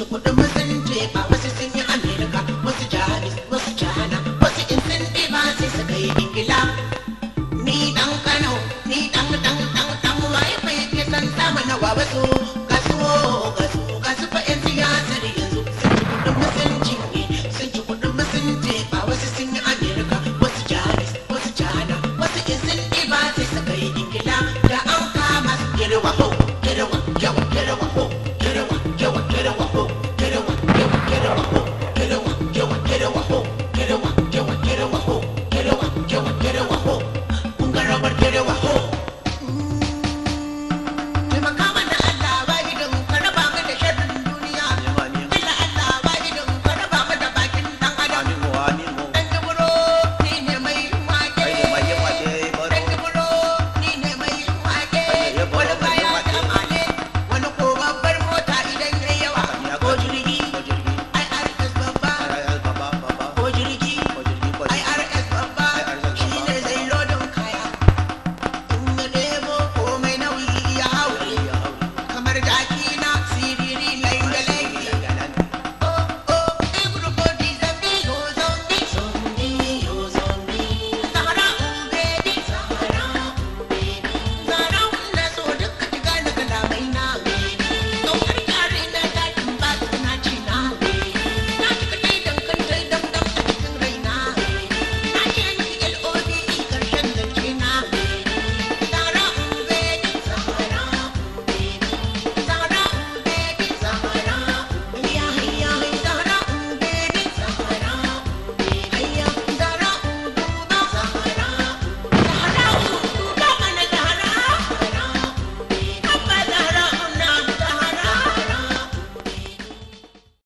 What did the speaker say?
What put them in